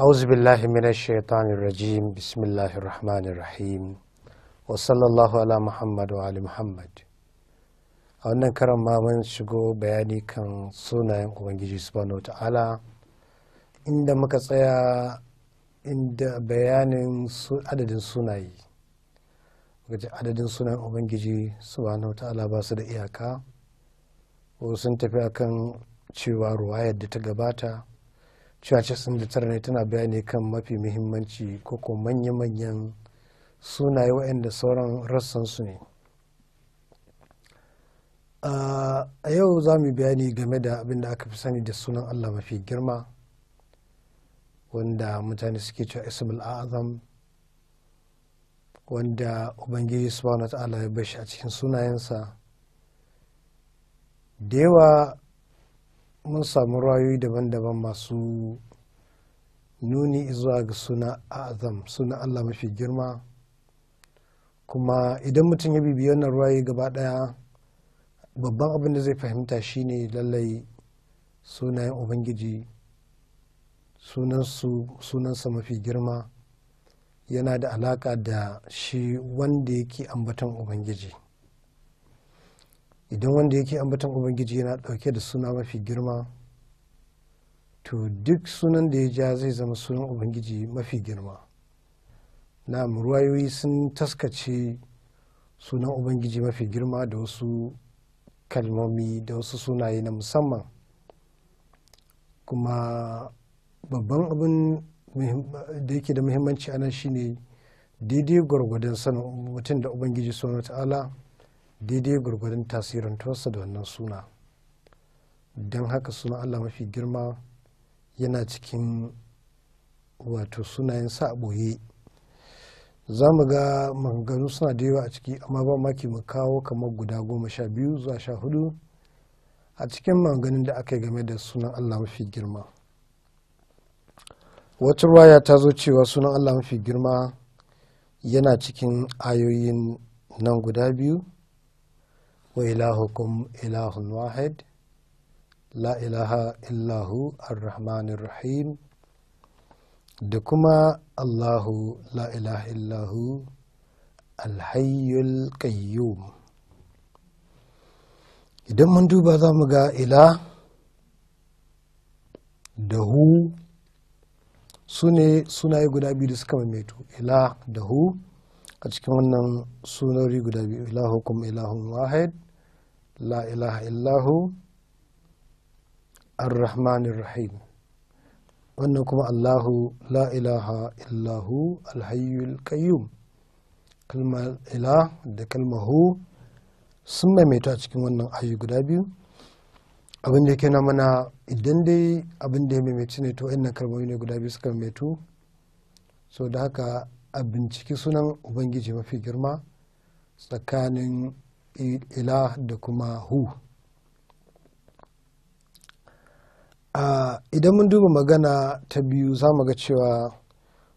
أعوذ بالله من الشيطان الرجيم بسم الله الرحمن الرحيم وصلى الله على محمد وعلى محمد wannan karan ma mun shigo bayani kan sunayen ubangiji subhanahu ta'ala inda muka tsaya inda bayanin adadin sunaye adadin sunayen ubangiji subhanahu ta'ala ba su da iyaka ko sun tafi akan cewa ruwayar da ta gabata cewa sun da ne tana bayani kan mafi muhimmanci ko ko manya-manyan sunaye waɗanda sauran rassan su ne a yau za mu bayani game da abin da aka fi sani da sunan allah mafi girma wanda mutane suke cewa ismul azam wanda ubangiji subhanahu wa ta'ala ya bashi a cikin sunayensa da yawa mun samu rayoyi daban-daban masu nuni zuwa ga suna azam suna allah mafi girma kuma idan mutum ya bibiya wannan rayoyi gaba daya babban abin da zai fahimta shine lallai sunayen ubangiji sunansa mafi girma yana da alaka da shi wanda yake ambaton ubangiji idan wanda yake ambaton ubangiji yana dauke da suna mafi girma to duk sunan da ya ja zai zama sunan ubangiji mafi girma na ruwayoyi sun taskace sunan ubangiji mafi girma da wasu kalmomi da wasu sunaye na musamman kuma babban abin da yake da muhimmanci anan shine daidai gwargwadon sanin mutum da ubangiji sunan ta'ala daidai gwargwadon tasirin tuwarsa da wannan suna don haka suna allah mafi girma yana cikin wato sunayen sa ɓoye za mu ga maganganu suna da yawa a ciki amma ba maki mu kawo kamar guda goma sha biyu zuwa sha hudu a cikin maganganun da aka yi game da sunan allah mafi girma wata ruwaya ta zo cewa sunan allah mafi girma yana cikin ayoyin nan guda biyu wa ilahukum ilahun wahid la ilaha illahu ar rahim da kuma allahu la ilaha illahu alhayyul qayyum idan mun duba za mu ga ila da hu su ne guda biyu da suka maimaito ila da hu a cikin wannan sunori guda biyu ilahukum ilahun wahid la ilaha illahu arrahmanir rahim wannan kuma allahu la ilaha illahu alhayyul kayyum kalmar ila da kalmahu hu sun maimaita cikin wannan ayu guda biyu abin da yake na mana idan dai abin da ya maimaici ne to wannan kalmomi ne guda biyu suka maimaitu so da haka a binciki sunan ubangiji mafi girma tsakanin ilah da kuma hu idan mun duba magana ta biyu za mu ga cewa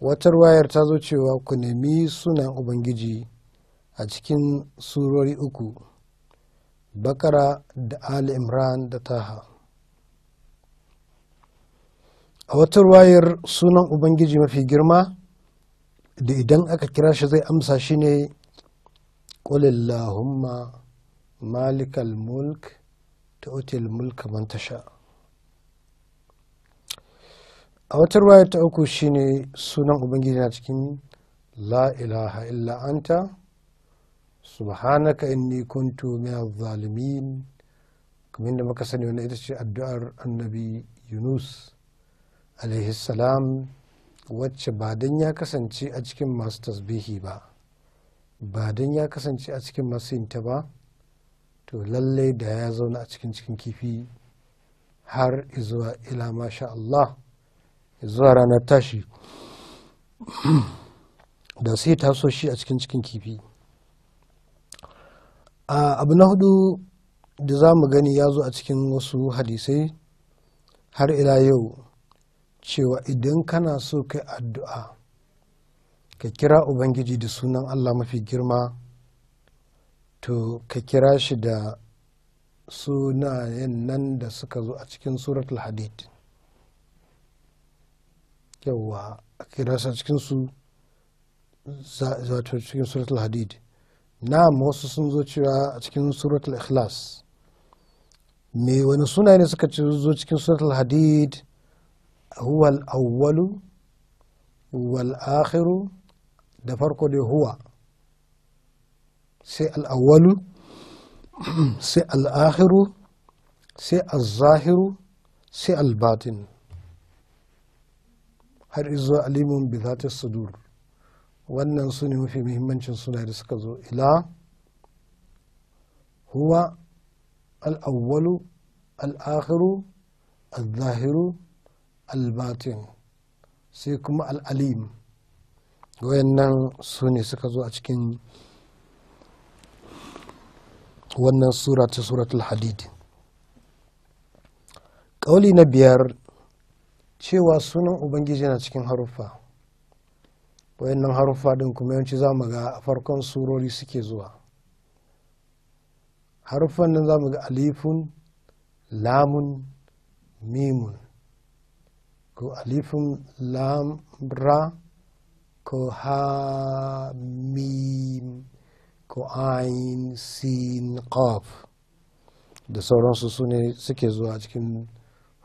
watar wayar ta zo cewa ku nemi sunan ubangiji a cikin surori uku bakara da ali imran da taha a watar wayar sunan ubangiji mafi girma da idan aka kira shi zai amsa shi ne قل malikal مالك ta otal الملك ban tasha a wata ruwaya ta uku shine sunan ubangiji na cikin la illa anta subhanaka inni kuntu min zalimin kamar da muka sani wannan ita ce addu'ar annabi yunus alaihi salam wacce ba dan ya kasance a cikin masu tasbihi ba ba don ya kasance a cikin masinta ba to lallai da ya zauna a cikin cikin kifi har zuwa ila masha Allah zuwa ranar tashi da sai taso shi a cikin cikin kifi abu na hudu da za mu gani ya zo a cikin wasu hadisai har ila yau cewa idan kana so kai addu'a ka kira ubangiji da sunan allah mafi girma to ka kira shi da sunayen nan da suka zo a cikin suratul hadid yawwa a kira shi a cikin su zato cikin suratul hadid na wasu sun zo cewa a cikin suratul ikhlas me wani sunaye ne suka zo cikin suratul hadid huwal awwalu wal akhiru da farko dai huwa sai al'awwalu sai al'ahiru sai al-zahiru sai al-batin har izo alimun bi zati sudur wannan su ne mafi muhimmancin suna da suka zo ila huwa al'awwalu al'ahiru al-zahiru al-batin sai kuma al nan su ne suka zo a cikin wannan sura ta suratul hadid ƙauli na biyar cewa sunan ubangiji na cikin haruffa nan haruffa ɗin kuma yawanci za mu ga a farkon surori suke zuwa haruffan nan za mu ga alifun lamun mimun ko alifun lamra. ko ha mim ko sin qaf da sauransu su ne suke zuwa cikin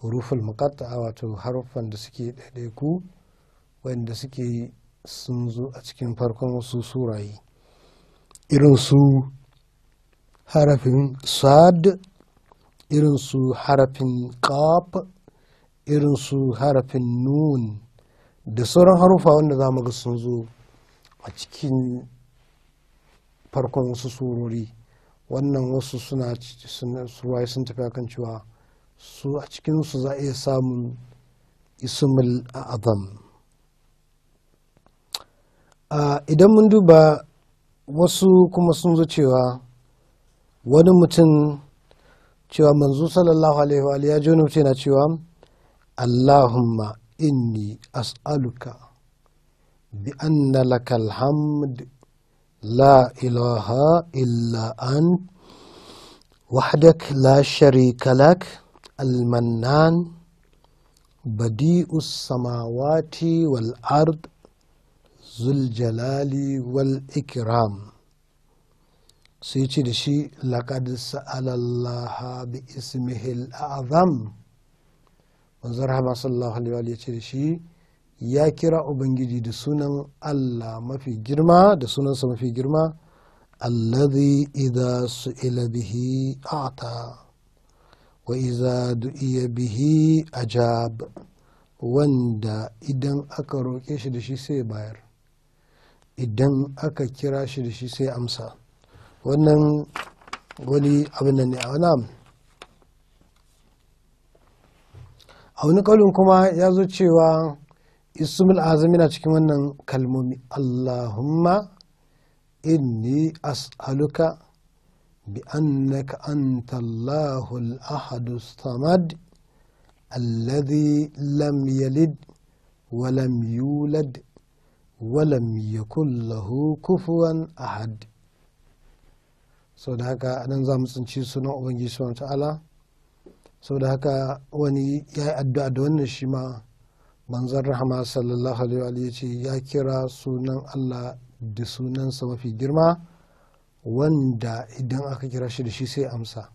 huruful muqatta'a wato haruffan da suke ɗaiɗaiku wanda suke sun zo a cikin farkon wasu surayi irin su harafin sad irin su harafin qaf irin su harafin nun da sauran harufa wanda za mu ga sun zo a cikin farkon wasu surori wannan wasu suna suwaye sun tafi kan cewa su a cikinsu za a iya samun ismul azam idan mun duba wasu kuma sun zo cewa wani mutum cewa manzo sallallahu alaihi wa ya ji wani mutum yana cewa allahumma إني أسألك بأن لك الحمد لا إله إلا أنت وحدك لا شريك لك المنان بديء السماوات والأرض ذو الجلال والإكرام سيتي لقد سأل الله باسمه الأعظم manzon rahama sallallahu alaihi wa ya ce da shi ya kira ubangiji da sunan Allah mafi girma da sunansa mafi girma alladhi idza su'ila bihi a'ta wa idza du'iya bihi ajab wanda idan aka roƙe shi da shi sai bayar idan aka kira shi da shi sai amsa wannan wani abin nan ne a wani a wani kaulin kuma ya zo cewa ismul azam yana cikin wannan kalmomi allahumma inni as'aluka bi annaka anta allahul ahadu samad alladhi lam yalid wa lam yulad wa lam yakul lahu kufuwan ahad sau da haka nan za mu tsinci sunan ubangiji subhanahu ta'ala saboda haka wani ya yi addu'a da wannan shi ma manzan rahama sallallahu alaihi ya ce ya kira sunan Allah da sunansa mafi girma wanda idan aka kira shi da shi sai amsa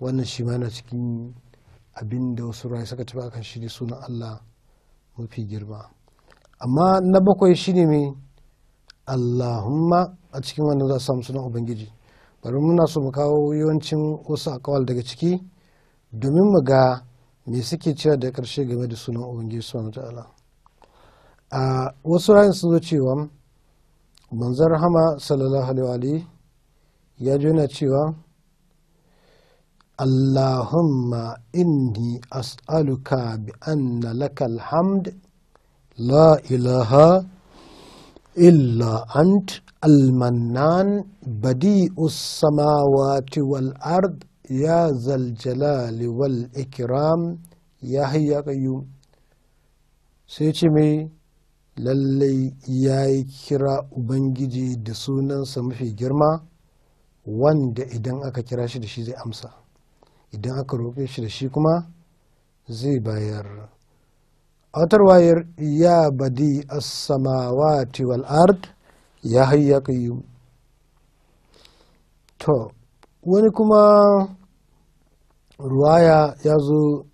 wannan shi ma yana cikin abin da wasu rai suka tafi akan shi da sunan Allah mafi girma amma na bakwai shine mai Allahumma a cikin wannan za su samu sunan Ubangiji bari muna so mu kawo yawancin wasu akawal daga ciki domin mu ga me suke cewa da karshe game da sunan ubangiji wani ta'ala a wasu rayun sun zo cewa banzar hama sallallahu alaihi ya ji cewa allahumma inni as'aluka bi anna lakal hamd la ilaha illa ant المنان بديء السماوات والأرض ya zaljalali wal ikram ya hayya qayyum sai ce mai lallai ya yi kira ubangiji da sunansa mafi girma wanda idan aka kira shi da shi zai amsa idan aka roƙe shi da shi kuma zai bayar a watar wayar ya badi a samawa wal ard ya hayya qayyum to wani kuma ruwaya ya zo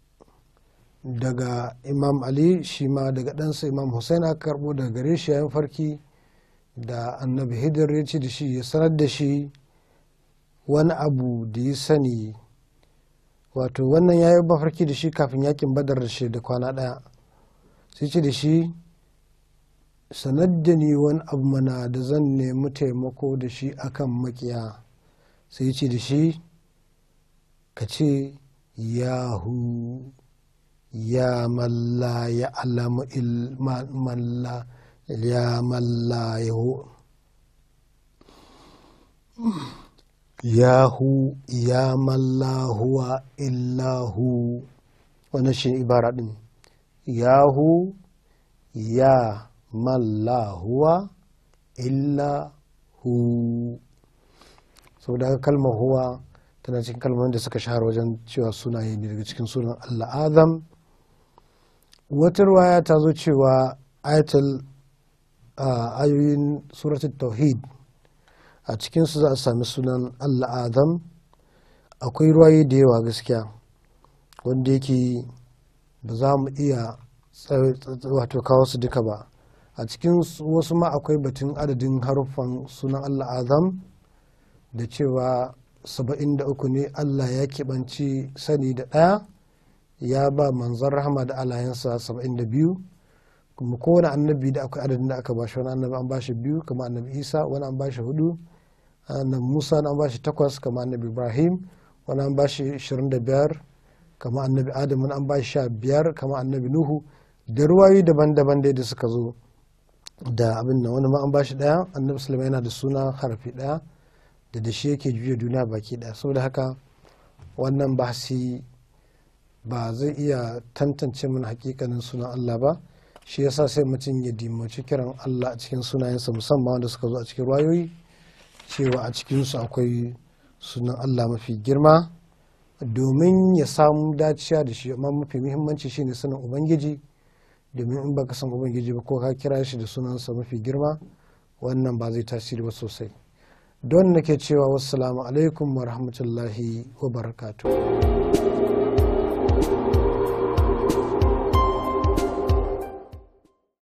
daga imam ali shi ma daga ɗansa imam hussein aka karɓo daga gare shi yayin farki da annabi hidir ya ci da shi ya sanar da shi wani abu da ya sani wato wannan ya yi mafarki da shi kafin yakin badar da shi da kwana ɗaya sai ce da shi sanar da ni wani abu mana da zan nemi taimako da shi akan makiya sai ce da shi ka ce yahu ya malla ya alamu malla ya malla yahu yahu ya malla huwa illahu wannan shi ibara din yahu ya malla huwa illahu saboda kalmar huwa tana cikin kalmar da suka shahara wajen cewa sunaye ne daga cikin sunan Allah Adam wata ruwaya ta zo cewa ayatul ayoyin suratul tauhid a cikinsu za a sami sunan Allah Adam akwai ruwaye da yawa gaskiya wanda yake ba za mu iya wato kawo su duka ba a cikin wasu ma akwai batun adadin haruffan sunan Allah Adam da cewa saba'in da uku ne allah ya keɓanci sani da ɗaya ya ba manzan rahama da alayensa saba'in da biyu kuma kowane annabi da akwai adadin da aka bashi wani annabi an bashi biyu kama annabi isa wani an bashi hudu annabi musa an bashi takwas kama annabi ibrahim wani an bashi ashirin da biyar kama annabi adam wani an bashi sha biyar kama annabi nuhu da ruwayi daban-daban dai da suka zo da abin nan wani ma an bashi daya annabi sulaiman yana da suna harafi daya da da shi yake juya duniya baki daya saboda haka wannan bahasi ba zai iya tantance mana hakikanin sunan Allah ba shi yasa sai mutum ya dimaci kiran Allah a cikin sunayensa musamman wanda suka zo a cikin rayoyi cewa a cikinsu akwai sunan Allah mafi girma domin ya samu daciya da shi amma mafi muhimmanci shine sunan ubangiji domin in baka san ubangiji ba ko ka kira shi da sunansa mafi girma wannan ba zai tasiri ba sosai don nake cewa wassalamu alaikum wa rahmatullahi wa barakatuhu